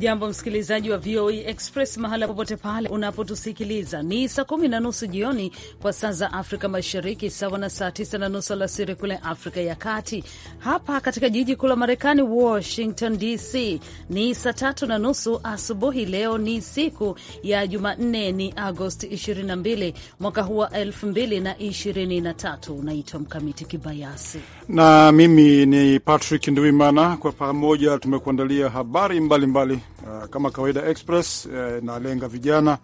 Hujambo msikilizaji wa VOA e Express mahala popote pale unapotusikiliza. Ni saa kumi na nusu jioni kwa saa za Afrika Mashariki, sawa na saa tisa na nusu alasiri kule Afrika ya Kati. Hapa katika jiji kuu la Marekani, Washington DC, ni saa tatu na nusu asubuhi. Leo ni siku ya Jumanne, ni Agosti 22 mwaka huu wa 2023. Unaitwa Mkamiti Kibayasi na mimi ni Patrick Nduimana. Kwa pamoja tumekuandalia habari mbalimbali mbali Ah, kama kawaida Express eh, inalenga vijana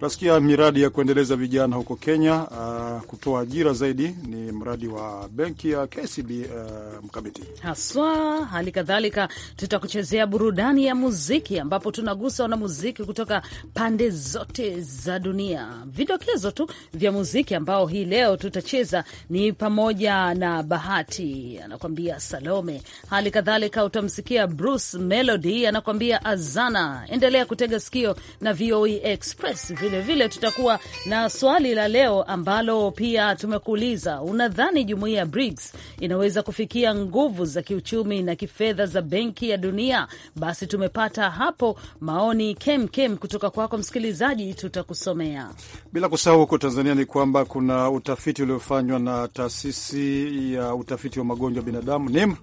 Tunasikia miradi ya kuendeleza vijana huko Kenya, uh, kutoa ajira zaidi ni mradi wa benki ya KCB uh, mkabiti haswa. Hali kadhalika tutakuchezea burudani ya muziki, ambapo tunagusa na muziki kutoka pande zote za dunia. Vidokezo tu vya muziki ambao hii leo tutacheza ni pamoja na Bahati anakuambia Salome, hali kadhalika utamsikia Bruce Melody anakuambia Azana. Endelea kutega sikio na VOE Express vilevile tutakuwa na swali la leo ambalo pia tumekuuliza: unadhani jumuiya ya BRICS inaweza kufikia nguvu za kiuchumi na kifedha za Benki ya Dunia? Basi tumepata hapo maoni kem kem kutoka kwako msikilizaji, tutakusomea. Bila kusahau huko Tanzania ni kwamba kuna utafiti uliofanywa na taasisi ya utafiti wa magonjwa binadamu NIM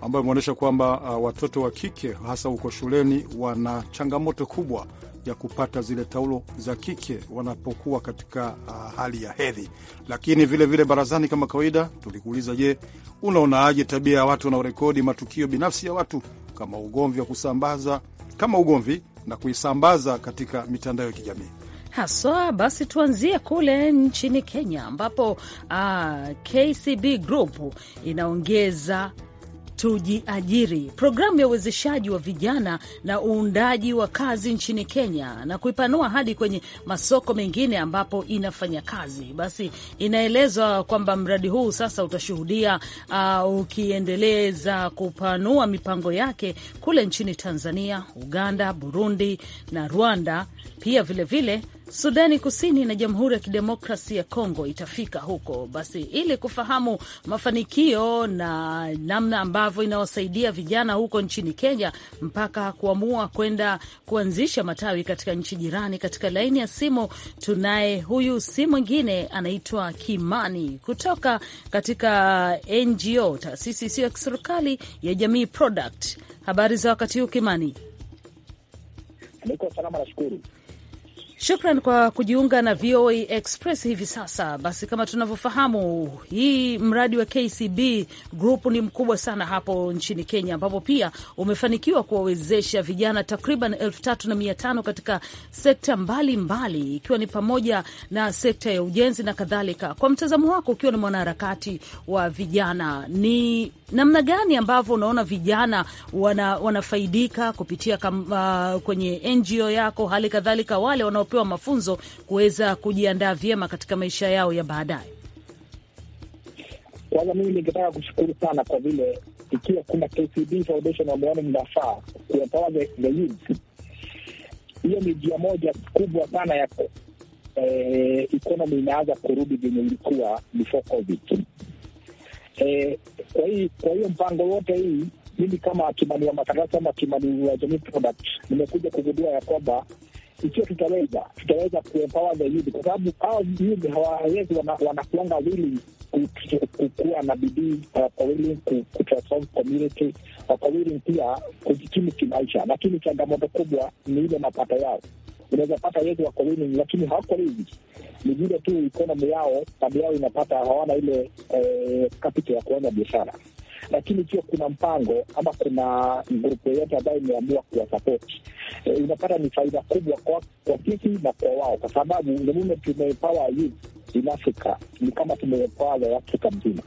ambayo imeonyesha kwamba uh, watoto wa kike hasa huko shuleni wana changamoto kubwa ya kupata zile taulo za kike wanapokuwa katika uh, hali ya hedhi. Lakini vilevile vile barazani, kama kawaida, tulikuuliza je, unaonaaje tabia ya watu wanaorekodi matukio binafsi ya watu kama ugomvi wa kusambaza kama ugomvi na kuisambaza katika mitandao ya kijamii haswa. Basi tuanzie kule nchini Kenya ambapo uh, ah, KCB Group inaongeza Tujiajiri, programu ya uwezeshaji wa vijana na uundaji wa kazi nchini Kenya na kuipanua hadi kwenye masoko mengine ambapo inafanya kazi. Basi inaelezwa kwamba mradi huu sasa utashuhudia uh, ukiendeleza kupanua mipango yake kule nchini Tanzania, Uganda, Burundi na Rwanda pia vilevile vile, Sudani Kusini na Jamhuri ya Kidemokrasi ya Kongo itafika huko. Basi ili kufahamu mafanikio na namna ambavyo inawasaidia vijana huko nchini Kenya mpaka kuamua kwenda kuanzisha matawi katika nchi jirani, katika laini ya simu tunaye huyu, si mwingine anaitwa Kimani kutoka katika NGO, taasisi isiyo ya kiserikali ya Jamii Product. Habari za wakati huu Kimani? Niko salama, nashukuru. Shukran kwa kujiunga na VOA Express hivi sasa. Basi, kama tunavyofahamu, hii mradi wa KCB Group ni mkubwa sana hapo nchini Kenya, ambapo pia umefanikiwa kuwawezesha vijana takriban elfu tatu na mia tano katika sekta mbalimbali, ikiwa ni pamoja na sekta ya ujenzi na kadhalika. Kwa mtazamo wako, ukiwa ni mwanaharakati wa vijana, ni namna gani ambavyo unaona vijana wana, wanafaidika kupitia kam, uh, kwenye NGO yako, hali kadhalika wale wanao wanapopewa mafunzo kuweza kujiandaa vyema katika maisha yao ya baadaye? Kwanza mimi ningetaka kushukuru sana kwa vile ikiwa kuna KCB Foundation wameona mnafaa kuempower the youth, hiyo ni njia moja kubwa sana ya eh, economy inaanza kurudi venye ilikuwa before COVID. Eh, kwa hii kwa hiyo mpango wote hii, mimi kama Kimani wa matangazo ama Kimani wa Jamii Product nimekuja kugundua ya kwamba ikiwa tutaweza tutaweza kuempower the youth, kwa sababu hawa youth hawawezi, wanakuanga wili kukuwa na bidii, wako wili kutransform community, wako pia kujikimu kimaisha, lakini changamoto kubwa ni ile mapato yao. Unaweza pata wengi wako winning, lakini hawako wingi. Ni vile tu ikonomi yao, tabia yao inapata, hawana ile kapita eh, ya kuanza biashara lakini ikiwa kuna mpango ama kuna grupu yoyote ambayo imeamua kuwasapoti e, eh, unapata ni faida kubwa kwa, kwa sisi na kwa wao, kwa sababu the tumepawa youth in Africa ni kama tumepower Afrika mzima.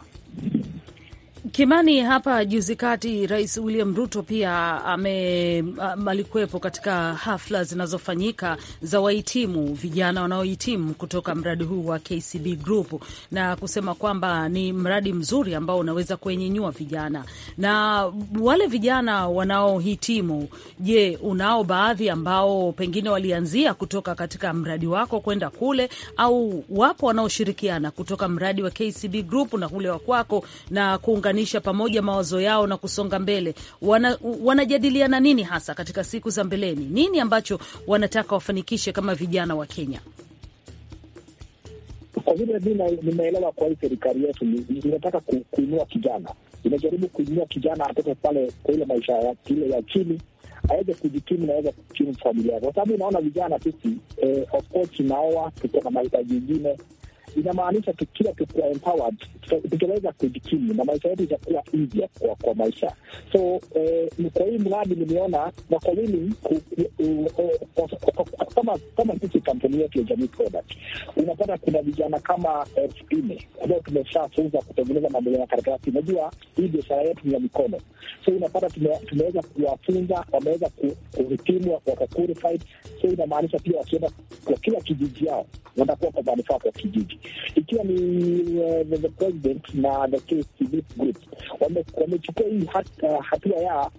Kimani, hapa juzi kati Rais William Ruto pia ame alikuwepo katika hafla zinazofanyika za wahitimu vijana wanaohitimu kutoka mradi huu wa KCB Group na kusema kwamba ni mradi mzuri ambao unaweza kuenyenyua vijana na wale vijana wanaohitimu. Je, unao baadhi ambao pengine walianzia kutoka katika mradi wako kwenda kule, au wapo wanaoshirikiana kutoka mradi wa KCB Group na ule wa kwako na kuunga kuunganisha pamoja mawazo yao na kusonga mbele. Wana, wanajadiliana nini hasa katika siku za mbeleni? Nini ambacho wanataka wafanikishe kama vijana wa Kenya? Kwa vile mi nimeelewa, kwa hii serikali yetu inataka kuinua kijana, inajaribu kuinua kijana atoke pale kwa ile maisha ile ya chini aweze kujikimu naweza kukimu familia yake, kwa sababu naona vijana sisi eh, of course tunaoa, tuko na mahitaji ingine inamaanisha tukiwa tukuwa empowered tutaweza kujikimu na maisha yetu itakuwa easier kwa, kwa maisha. So eh, kwa hii mradi nimeona na kwa nini kama sisi kampuni yetu ya Jamii Product unapata kuna vijana kama elfu nne ambao tumeshafunza kutengeneza mambo ya karatasi. Unajua hii biashara yetu ni ya mikono, so unapata tumeweza kuwafunza, wameweza kuhitimu, wako So inamaanisha pia wakienda kwa kila kijiji yao wanakuwa kwa manufaa kwa kijiji ikiwa ni uh, the president na the KCB group wamechukua hii eh, hatua ya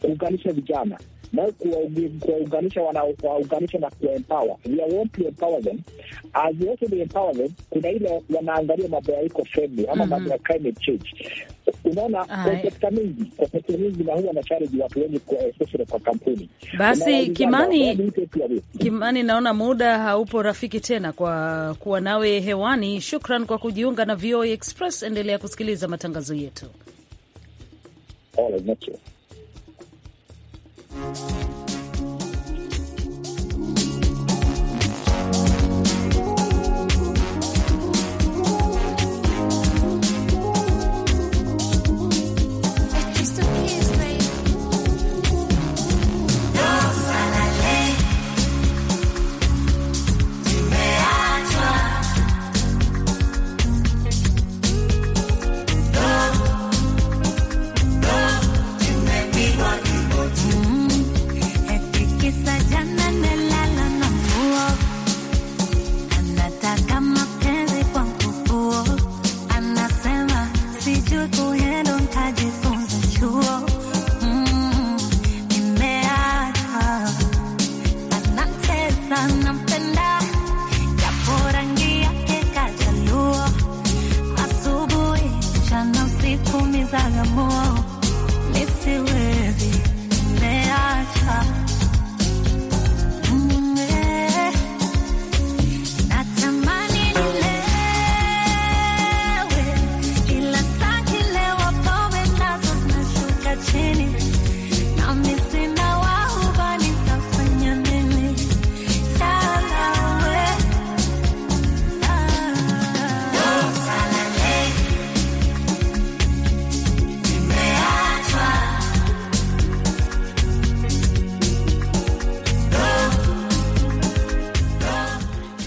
kuunganisha vijana kuwaunganisha uh, uh, uh, na We want to empower them as also empower them. Kuna ile wanaangalia mambo ya friendly ama mhm. mambo ya climate change. Unaona sekta mingi kwa sekta mingi, na huwa na challenge watu wengi, eh, especially kwa kampuni. Basi Kimani, Kimani, naona muda haupo rafiki tena kwa kuwa nawe hewani. Shukran kwa kujiunga na VOA e Express. Endelea kusikiliza matangazo yetu. All right, Thank you.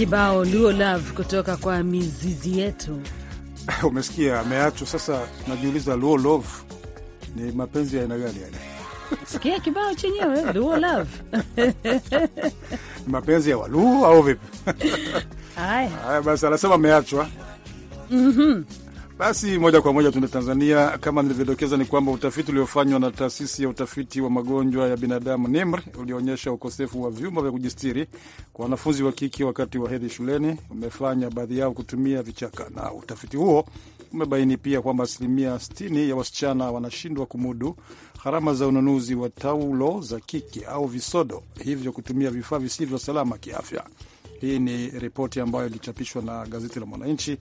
kibao Luo Love kutoka kwa mizizi yetu. Umesikia ameachwa sasa, najiuliza Luo Love ni mapenzi ya aina gani yale? Sikia kibao chenyewe Luo Love mapenzi ya Waluo au vipi? Haya basi, anasema ameachwa. Mm -hmm. Basi moja kwa moja tuende Tanzania. Kama nilivyodokeza, ni kwamba utafiti uliofanywa na taasisi ya utafiti wa magonjwa ya binadamu NIMR ulioonyesha ukosefu wa vyumba vya kujistiri kwa wanafunzi wa kike wakati wa hedhi shuleni umefanya baadhi yao kutumia vichaka, na utafiti huo umebaini pia kwamba asilimia 60 ya wasichana wanashindwa kumudu gharama za ununuzi wa taulo za kike au visodo, hivyo kutumia vifaa visivyo salama kiafya. Hii ni ripoti ambayo ilichapishwa na gazeti la Mwananchi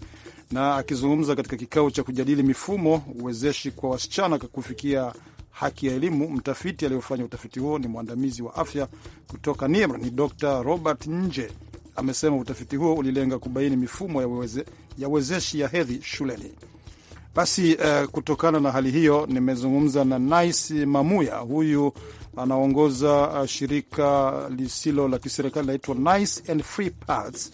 na akizungumza katika kikao cha kujadili mifumo uwezeshi kwa wasichana kufikia haki ya elimu, mtafiti aliyofanya utafiti huo ni mwandamizi wa afya kutoka NIMR ni Dr Robert Nje amesema utafiti huo ulilenga kubaini mifumo ya, weze, ya wezeshi ya hedhi shuleni. Basi uh, kutokana na hali hiyo nimezungumza na Nice Mamuya. Huyu anaongoza eh, shirika lisilo la kiserikali linaitwa Nice and Free Paths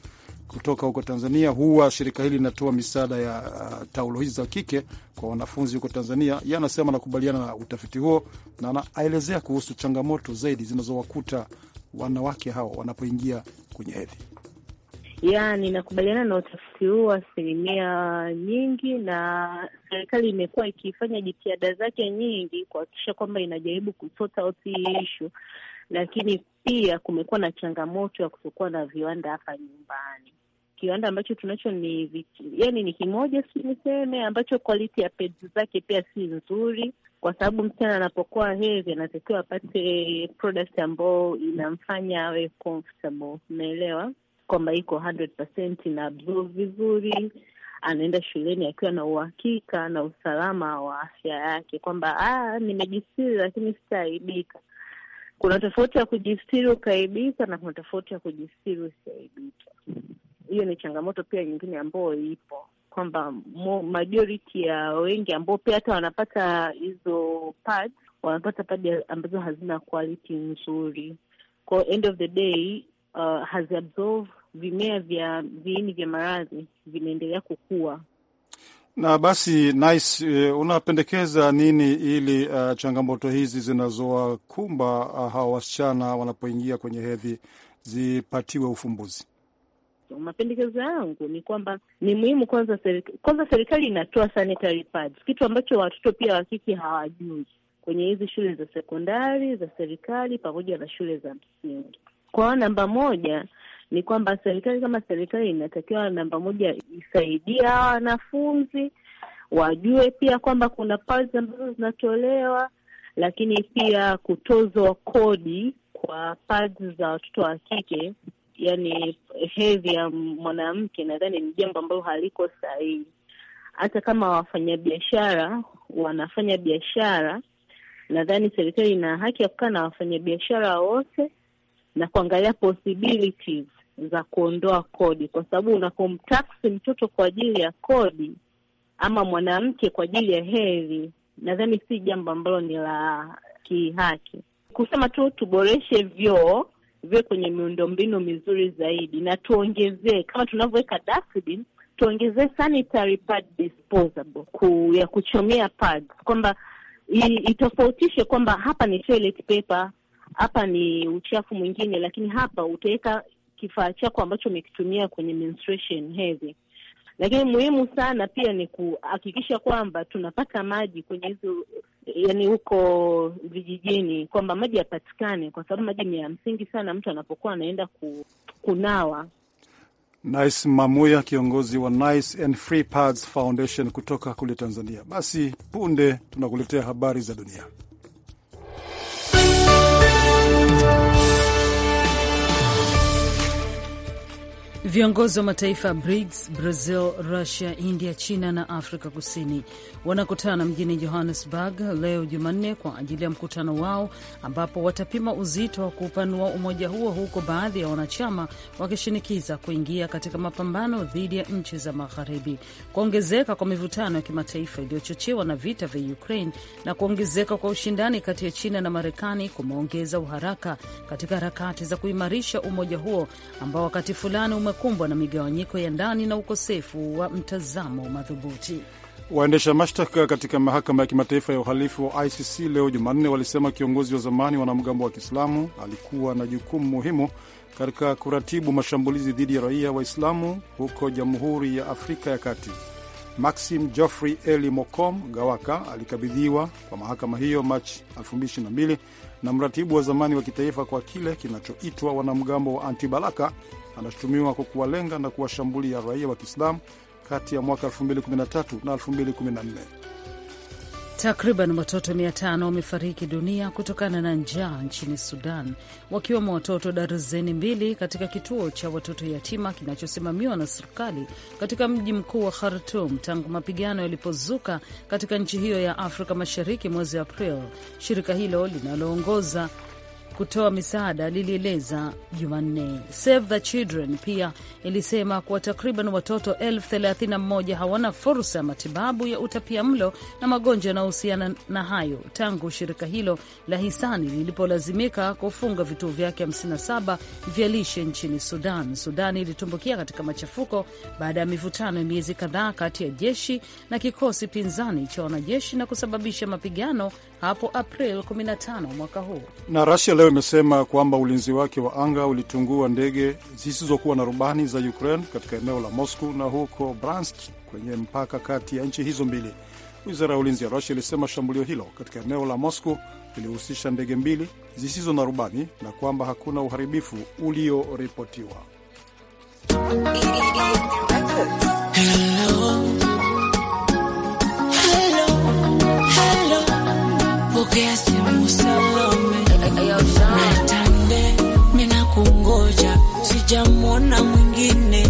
kutoka huko Tanzania. Huwa shirika hili linatoa misaada ya uh, taulo hizi za kike kwa wanafunzi huko Tanzania. Yeye anasema anakubaliana na utafiti huo na anaelezea kuhusu changamoto zaidi zinazowakuta wanawake hawa wanapoingia kwenye hedhi. Yani, nakubaliana na utafiti huo asilimia nyingi, na serikali imekuwa ikifanya jitihada zake nyingi kuhakikisha kwamba inajaribu kusota out hii ishu, lakini pia kumekuwa na changamoto ya kutokuwa na viwanda hapa nyumbani. Kiwanda ambacho tunacho ni yani ni kimoja si niseme, ambacho quality ya pei zake pia si nzuri, kwa sababu msichana anapokuwa hevi anatakiwa apate product ambayo inamfanya awe comfortable, umeelewa kwamba iko 100% na absorb vizuri, anaenda shuleni akiwa na uhakika na usalama wa afya yake kwamba ah, nimejisiri, lakini sitaaibika. Kuna tofauti ya kujistiri ukaibika na kuna tofauti ya kujistiri usiaibika. Hiyo ni changamoto pia nyingine ambayo ipo kwamba majority ya wengi ambao pia hata wanapata hizo pad wanapata padi ambazo hazina quality nzuri. Kwa end of the day uh, haziabsorb vimea vya viini vya maradhi vinaendelea kukua. Na basi Nice, eh, unapendekeza nini ili uh, changamoto hizi zinazowakumba uh, hawa wasichana wanapoingia kwenye hedhi zipatiwe ufumbuzi? Mapendekezo yangu ni kwamba ni muhimu kwanza, serikali kwanza, serikali inatoa sanitary pads, kitu ambacho watoto pia wa kike hawajui kwenye hizi shule za sekondari za serikali pamoja na shule za msingi. Kwa namba moja, ni kwamba serikali kama serikali inatakiwa namba moja isaidia hawa wanafunzi wajue pia kwamba kuna pazi ambazo zinatolewa, lakini pia kutozwa kodi kwa pazi za watoto wa kike, yani hedhi ya mwanamke, nadhani ni jambo ambalo haliko sahihi. Hata kama wafanyabiashara wanafanya biashara, nadhani serikali ina haki ya kukaa na wafanyabiashara wote na kuangalia possibilities za kuondoa kodi, kwa sababu unapomtaksi mtoto kwa ajili ya kodi ama mwanamke kwa ajili ya hedhi, nadhani si jambo ambalo ni la kihaki. Kusema tu tuboreshe vyoo viwe kwenye miundombinu mizuri zaidi, na tuongezee kama tunavyoweka dustbin tuongezee sanitary pad disposable ku, ya kuchomea kwamba itofautishe kwamba hapa ni toilet paper, hapa ni uchafu mwingine, lakini hapa utaweka kifaa chako ambacho umekitumia kwenye menstruation hedhi. Lakini muhimu sana pia ni kuhakikisha kwamba tunapata maji kwenye hizo yani huko vijijini, kwamba maji yapatikane, kwa sababu maji ni ya msingi sana mtu anapokuwa anaenda ku, kunawa. Nice Mamuya, kiongozi wa Nice and Free Pads Foundation kutoka kule Tanzania. Basi punde tunakuletea habari za dunia. Viongozi wa mataifa ya BRICS Brazil, Russia, India, China na Afrika Kusini wanakutana mjini Johannesburg leo Jumanne kwa ajili ya mkutano wao ambapo watapima uzito wa kupanua umoja huo, huko baadhi ya wanachama wakishinikiza kuingia katika mapambano dhidi ya nchi za Magharibi, kuongezeka kwa mivutano ya kimataifa iliyochochewa na vita vya Ukraine na kuongezeka kwa ushindani kati ya China na Marekani kumeongeza uharaka katika harakati za kuimarisha umoja huo ambao wakati fulani ume inakumbwa na migawanyiko ya ndani na ukosefu wa mtazamo madhubuti. Waendesha mashtaka katika mahakama ya kimataifa ya uhalifu wa ICC leo Jumanne walisema kiongozi wa zamani wanamgambo wa Kiislamu alikuwa na jukumu muhimu katika kuratibu mashambulizi dhidi ya raia Waislamu huko Jamhuri ya Afrika ya Kati. Maxim Geoffrey Eli Mokom Gawaka alikabidhiwa kwa mahakama hiyo Machi 2022 na mratibu wa zamani wa kitaifa kwa kile kinachoitwa wanamgambo wa Antibalaka anashutumiwa kwa kuwalenga na kuwashambulia raia wa Kiislamu kati ya mwaka 2013 na 2014. Takriban watoto 500 wamefariki dunia kutokana na njaa nchini Sudan, wakiwemo watoto darzeni mbili katika kituo cha watoto yatima kinachosimamiwa na serikali katika mji mkuu wa Khartum tangu mapigano yalipozuka katika nchi hiyo ya Afrika Mashariki mwezi April. Shirika hilo linaloongoza kutoa misaada lilieleza Jumanne. Save the Children pia ilisema kuwa takriban watoto elfu thelathini na moja hawana fursa ya matibabu ya utapia mlo na magonjwa yanayohusiana na hayo tangu shirika hilo la hisani lilipolazimika kufunga vituo vyake 57 vya lishe nchini Sudan. Sudan ilitumbukia katika machafuko baada ya mivutano ya miezi kadhaa kati ya jeshi na kikosi pinzani cha wanajeshi na kusababisha mapigano hapo April 15 mwaka huu. Na rasia leo imesema kwamba ulinzi wake wa anga ulitungua ndege zisizokuwa na rubani za Ukraine katika eneo la Moscow na huko Bransk kwenye mpaka kati ya nchi hizo mbili. Wizara ya ulinzi ya Rusia ilisema shambulio hilo katika eneo la Moscow lilihusisha ndege mbili zisizo na rubani na kwamba hakuna uharibifu ulioripotiwa. Pokea simu Salome, natande mina kungoja, sijamwona mwingine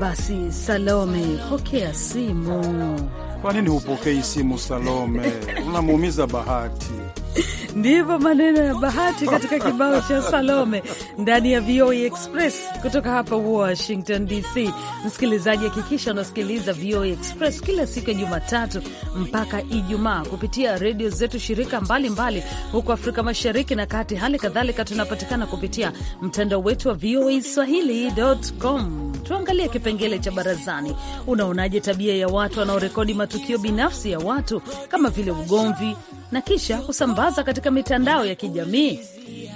basi, Salome, pokea simu. Kwa nini hupokei simu Salome? Unamuumiza Bahati. Ndivyo maneno ya Bahati katika kibao cha Salome ndani ya VOA e Express kutoka hapa Washington DC. Msikilizaji, hakikisha unasikiliza VOA e Express kila siku ya Jumatatu mpaka Ijumaa kupitia redio zetu shirika mbalimbali huko Afrika Mashariki na Kati. Hali kadhalika tunapatikana kupitia mtandao wetu wa VOA e Swahili.com. Tuangalie kipengele cha barazani. Unaonaje tabia ya watu wanaorekodi matukio binafsi ya watu kama vile ugomvi, na kisha kusambaza katika mitandao ya kijamii.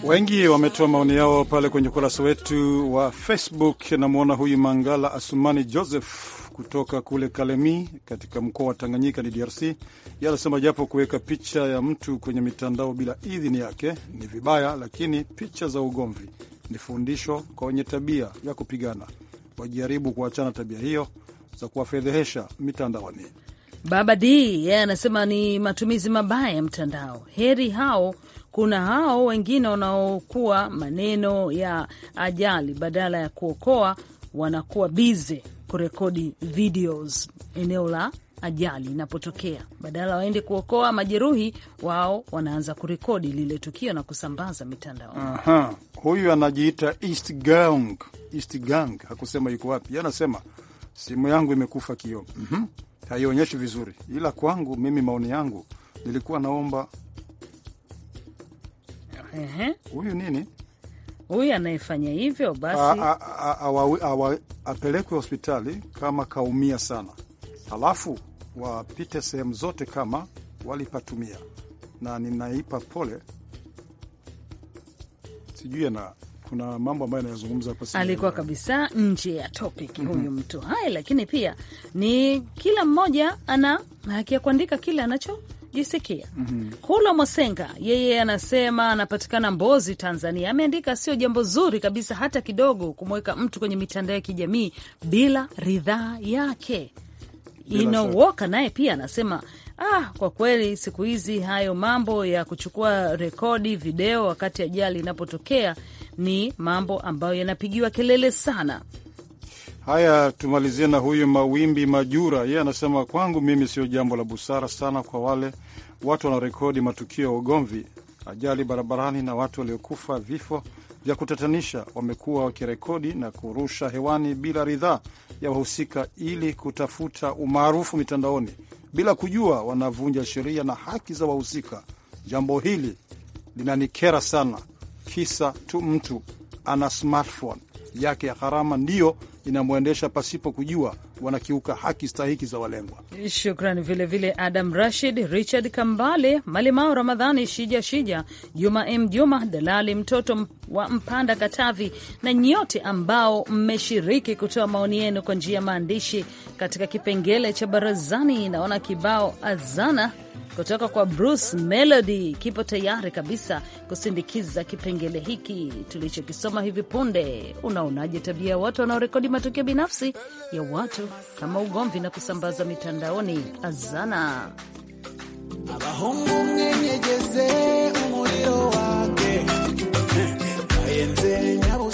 Wengi wametoa maoni yao pale kwenye ukurasa wetu wa Facebook. Namwona huyu Mangala Asumani Joseph kutoka kule Kalemi katika mkoa wa Tanganyika ni DRC. Yeye anasema japo kuweka picha ya mtu kwenye mitandao bila idhini yake ni vibaya, lakini picha za ugomvi ni fundisho kwa wenye tabia ya kupigana, wajaribu kuachana tabia hiyo za kuwafedhehesha mitandaoni. Baba D yeye anasema ni matumizi mabaya ya mtandao. Heri hao kuna hao wengine wanaokuwa maneno ya ajali badala ya kuokoa, wanakuwa bize kurekodi videos eneo la ajali inapotokea, badala waende kuokoa majeruhi wao, wanaanza kurekodi lile tukio na kusambaza mitandaoni. Huyu anajiita East Gang. East Gang hakusema yuko wapi, anasema simu yangu imekufa kioo. mm -hmm haionyeshi vizuri, ila kwangu mimi, maoni yangu nilikuwa naomba huyu nini huyu anayefanya hivyo basi apelekwe hospitali kama kaumia sana, alafu wapite sehemu zote kama walipatumia, na ninaipa pole, sijui na kuna mambo ambayo anayazungumza hapa, alikuwa kabisa nje ya topic mm -hmm. Huyu mhm. mtu haya, lakini pia ni kila mmoja ana haki ya kuandika kile anacho jisikia mm -hmm. Kula Mosenga yeye anasema anapatikana Mbozi, Tanzania. Ameandika sio jambo zuri kabisa hata kidogo kumweka mtu kwenye mitandao ya kijamii bila ridhaa yake. inowoka naye pia anasema Ah, kwa kweli siku hizi hayo mambo ya kuchukua rekodi video wakati ajali inapotokea ni mambo ambayo yanapigiwa kelele sana. Haya, tumalizie na huyu Mawimbi Majura. Yeye anasema kwangu mimi sio jambo la busara sana kwa wale watu wanaorekodi matukio ya ugomvi, ajali barabarani na watu waliokufa vifo vya kutatanisha. Wamekuwa wakirekodi na kurusha hewani bila ridhaa ya wahusika ili kutafuta umaarufu mitandaoni bila kujua wanavunja sheria na haki za wahusika. Jambo hili linanikera sana, kisa tu mtu ana smartphone yake ya gharama ndiyo inamwendesha pasipo kujua wanakiuka haki stahiki za walengwa. shukran vilevile Adam Rashid, Richard Kambale, Malimao Ramadhani, Shija Shija, Juma M Juma, Dalali mtoto wa Mpanda Katavi, na nyote ambao mmeshiriki kutoa maoni yenu kwa njia ya maandishi katika kipengele cha barazani. Naona kibao azana kutoka kwa Bruce Melody kipo tayari kabisa kusindikiza kipengele hiki tulichokisoma hivi punde. Unaonaje tabia ya watu wanaorekodi matukio binafsi ya watu kama ugomvi na kusambaza mitandaoni? Azana abahungu umuriro wake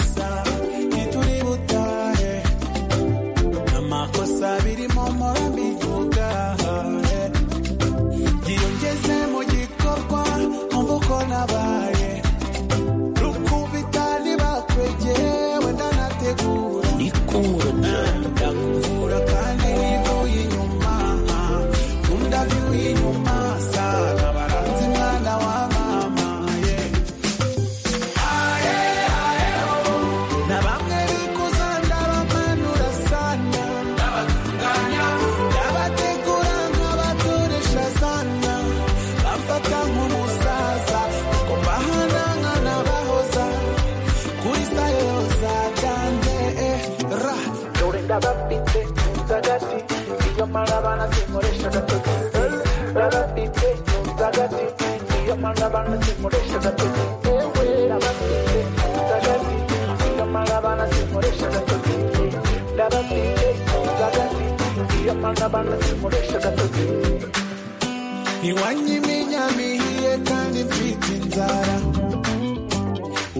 niwanyiminyamihiye kandi mfite inzara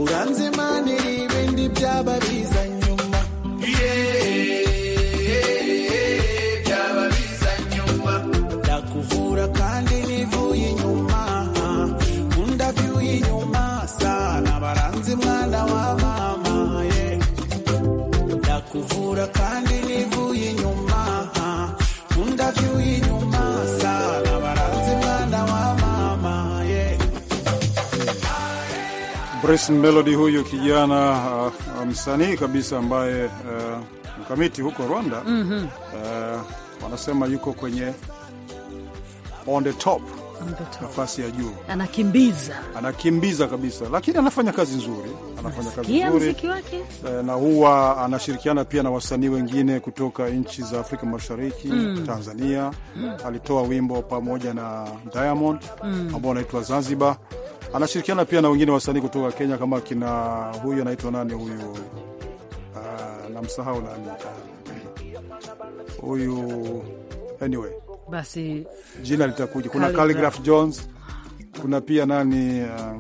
uranze mana ibindi byaba Grace Melody, huyu kijana uh, msanii kabisa ambaye uh, mkamiti huko Rwanda mm -hmm. uh, wanasema yuko kwenye on the top nafasi ya juu anakimbiza, anakimbiza kabisa, lakini anafanya kazi nzuri, anafanya kazi nzuri eh, na huwa anashirikiana pia na wasanii wengine kutoka nchi za Afrika Mashariki mm. Tanzania mm. alitoa wimbo pamoja na Diamond mm. ambao anaitwa Zanzibar Anashirikiana pia na wengine wasanii kutoka Kenya kama kina huyu anaitwa nani huyu, uh, namsahau nani huyu, anyway basi jina litakuja. Kuna Khaligraph Jones, kuna pia nani uh,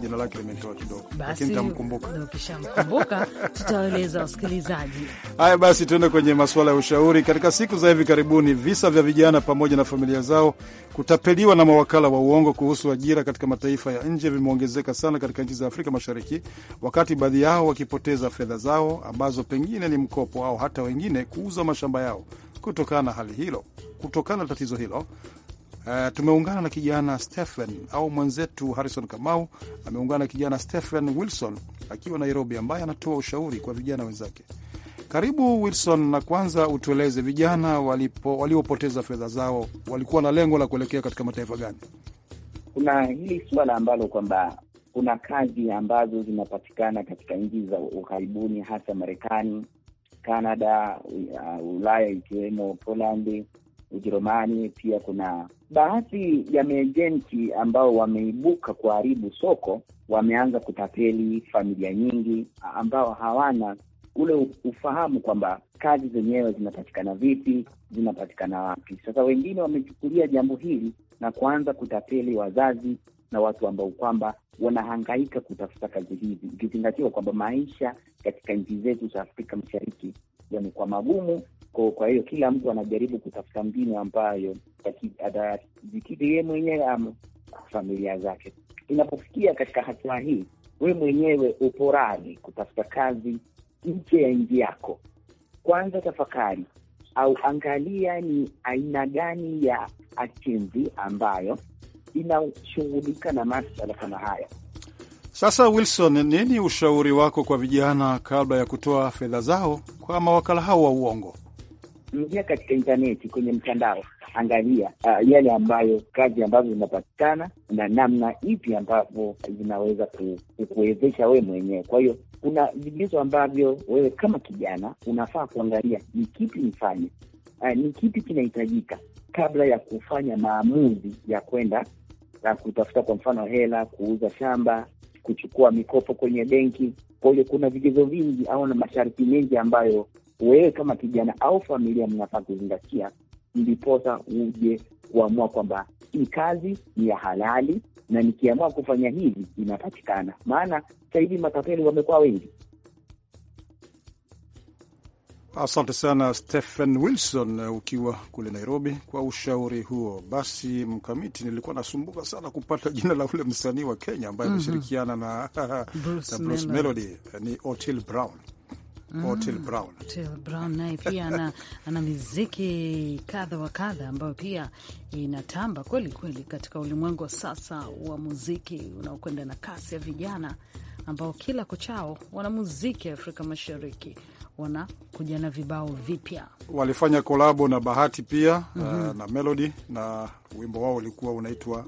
jina lake limetoa kidogo, lakini tamkumbuka. Ukishamkumbuka tutaeleza wasikilizaji. Haya basi, tuende kwenye masuala ya ushauri. Katika siku za hivi karibuni, visa vya vijana pamoja na familia zao kutapeliwa na mawakala wa uongo kuhusu ajira katika mataifa ya nje vimeongezeka sana katika nchi za Afrika Mashariki, wakati baadhi yao wakipoteza fedha zao ambazo pengine ni mkopo au hata wengine kuuza mashamba yao. Kutokana na hali hilo, kutokana na tatizo hilo Uh, tumeungana na kijana Stephen au mwenzetu Harrison Kamau ameungana na kijana Stephen Wilson akiwa Nairobi, ambaye anatoa ushauri kwa vijana wenzake. Karibu Wilson, na kwanza utueleze vijana walipo, waliopoteza fedha zao walikuwa na lengo la kuelekea katika mataifa gani? Kuna hili suala ambalo kwamba kuna kazi ambazo zinapatikana katika nchi za ughaibuni, hasa Marekani, Kanada, uh, Ulaya ikiwemo Polandi Ujerumani. Pia kuna baadhi ya maejenti ambao wameibuka kuharibu soko, wameanza kutapeli familia nyingi ambao hawana ule ufahamu kwamba kazi zenyewe zinapatikana vipi, zinapatikana wapi. Sasa wengine wamechukulia jambo hili na kuanza kutapeli wazazi na watu ambao kwamba wanahangaika kutafuta kazi hizi, ikizingatiwa kwamba maisha katika nchi zetu za Afrika Mashariki yamekuwa magumu kwa, kwa hiyo kila mtu anajaribu kutafuta mbinu ambayo atajikidhi yeye mwenyewe ama familia zake. Inapofikia katika hatua hii, we mwenyewe upo radhi kutafuta kazi nje ya nji yako, kwanza tafakari au angalia ni aina gani ya agency ambayo inashughulika na masala kama haya. Sasa Wilson, nini ushauri wako kwa vijana kabla ya kutoa fedha zao kwa mawakala hao wa uongo? ingia katika intaneti kwenye mtandao, angalia uh, yale ambayo kazi ambazo zinapatikana na namna ipi ambavyo zinaweza kukuwezesha wewe mwenyewe. Kwa hiyo kuna vigezo ambavyo wewe kama kijana unafaa kuangalia, ni kipi nifanye, uh, ni kipi kinahitajika kabla ya kufanya maamuzi ya kwenda na uh, kutafuta, kwa mfano, hela, kuuza shamba, kuchukua mikopo kwenye benki. Kwa hiyo kuna vigezo vingi au na masharti mengi ambayo wewe kama kijana au familia mnafaa kuzingatia, ndiposa uje kuamua kwamba hii kazi ni ya halali na nikiamua kufanya hivi inapatikana. Maana sasa hivi matapeli wamekuwa wengi. Asante sana Stephen Wilson ukiwa kule Nairobi kwa ushauri huo. Basi Mkamiti, nilikuwa nasumbuka sana kupata jina la ule msanii wa Kenya ambaye mhm. ameshirikiana mm -hmm. na na Bruce Melody. Melody ni Otil Brown Mm. Till Brown. Till Brown naye pia ana, ana miziki kadha wa kadha ambayo pia inatamba kweli kweli katika ulimwengu wa sasa wa muziki unaokwenda na kasi ya vijana ambao kila kuchao muziki Afrika Mashariki wanakuja na vibao vipya. Walifanya kolabo na Bahati pia mm -hmm. uh, mhm. na Melody na wimbo wao ulikuwa unaitwa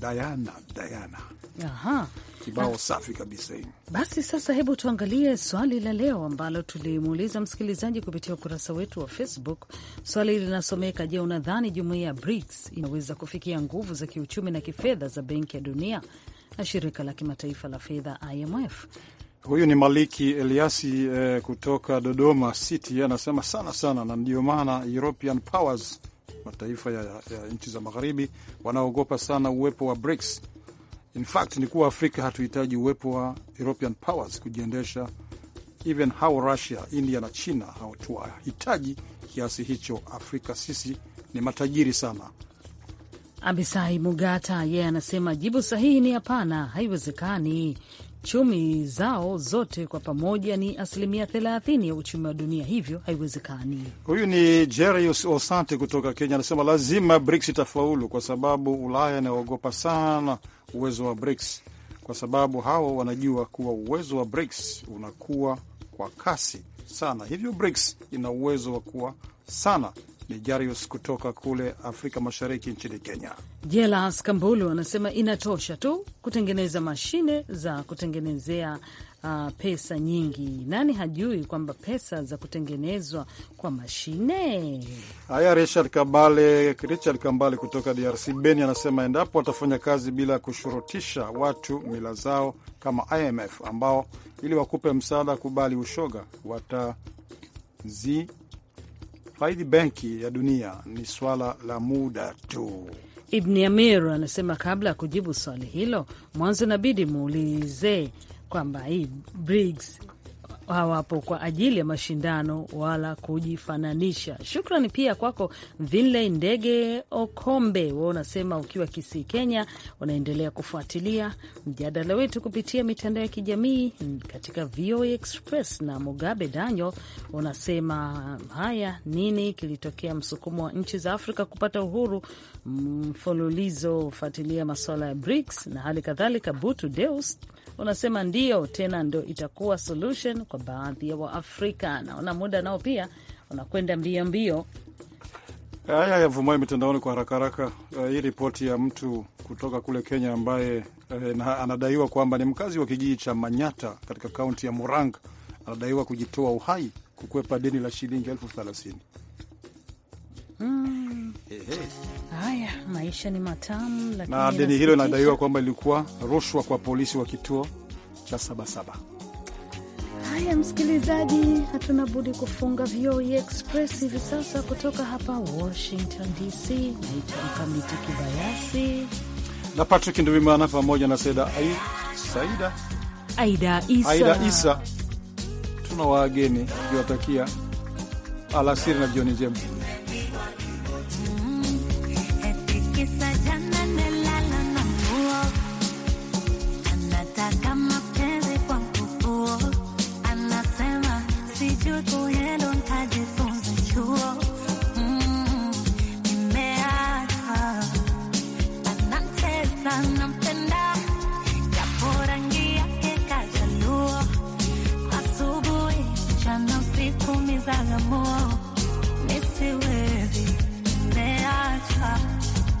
Diana Diana. Aha kibao safi kabisa. Basi sasa, hebu tuangalie swali la leo ambalo tulimuuliza msikilizaji kupitia ukurasa wetu wa Facebook. Swali linasomeka: Je, unadhani jumuiya ya BRICS inaweza kufikia nguvu za kiuchumi na kifedha za Benki ya Dunia na shirika la kimataifa la fedha IMF? Huyu ni Maliki Eliasi eh, kutoka Dodoma City, anasema sana sana, na ndio maana European powers mataifa ya, ya nchi za magharibi wanaogopa sana uwepo wa BRICS In fact ni kuwa Afrika hatuhitaji uwepo wa European powers kujiendesha. Even hao Russia, India na China hatuwahitaji kiasi hicho. Afrika sisi ni matajiri sana. abisai Mugata yeye, yeah, anasema jibu sahihi ni hapana, haiwezekani chumi zao zote kwa pamoja ni asilimia 30 ya uchumi wa dunia, hivyo haiwezekani. Huyu ni jerius Osante kutoka Kenya, anasema lazima BRICS itafaulu kwa sababu Ulaya inaogopa sana uwezo wa BRICS, kwa sababu hao wanajua kuwa uwezo wa BRICS unakuwa kwa kasi sana, hivyo BRICS ina uwezo wa kuwa sana ni Jarius kutoka kule Afrika Mashariki nchini Kenya. Jelas Kambulu anasema inatosha tu kutengeneza mashine za kutengenezea uh, pesa nyingi. Nani hajui kwamba pesa za kutengenezwa kwa mashine haya. Richard Kambale, Richard Kambale kutoka DRC Beni anasema endapo watafanya kazi bila kushurutisha watu mila zao kama IMF ambao ili wakupe msaada kubali ushoga watazi faidi benki ya dunia ni swala la muda tu. Ibni Amir anasema kabla ya kujibu swali hilo, mwanzo inabidi muulize kwamba hii Briggs hawapo kwa ajili ya mashindano wala kujifananisha. Shukrani pia kwako Vinley Ndege Okombe, wa unasema ukiwa Kisii, Kenya, unaendelea kufuatilia mjadala wetu kupitia mitandao ya kijamii katika VOA Express. Na Mugabe Daniel unasema haya, nini kilitokea msukumo wa nchi za Afrika kupata uhuru mfululizo, ufuatilia masuala ya BRICS na hali kadhalika. Butu Deus unasema ndio tena ndo itakuwa solution kwa baadhi ya Waafrika. Naona muda nao pia unakwenda mbio mbio. Haya yavumayo mitandaoni kwa haraka haraka. Uh, hii ripoti ya mtu kutoka kule Kenya ambaye uh, anadaiwa kwamba ni mkazi wa kijiji cha Manyata katika kaunti ya Murang anadaiwa kujitoa uhai kukwepa deni la shilingi elfu thelathini. Mm. Haya, Mm. maisha ni matamu, lakini na deni hilo linadaiwa kwamba ilikuwa rushwa kwa polisi wa kituo cha Sabasaba. Haya msikilizaji, hatuna budi kufunga VOA e Express hivi sasa kutoka hapa Washington DC. Naitwa Mkamiti Kibayasi na Patrick Nduvimana pamoja na Saida Saida Aida Isa, Aida Isa. Tuna wageni kiwatakia alasiri na jioni njema.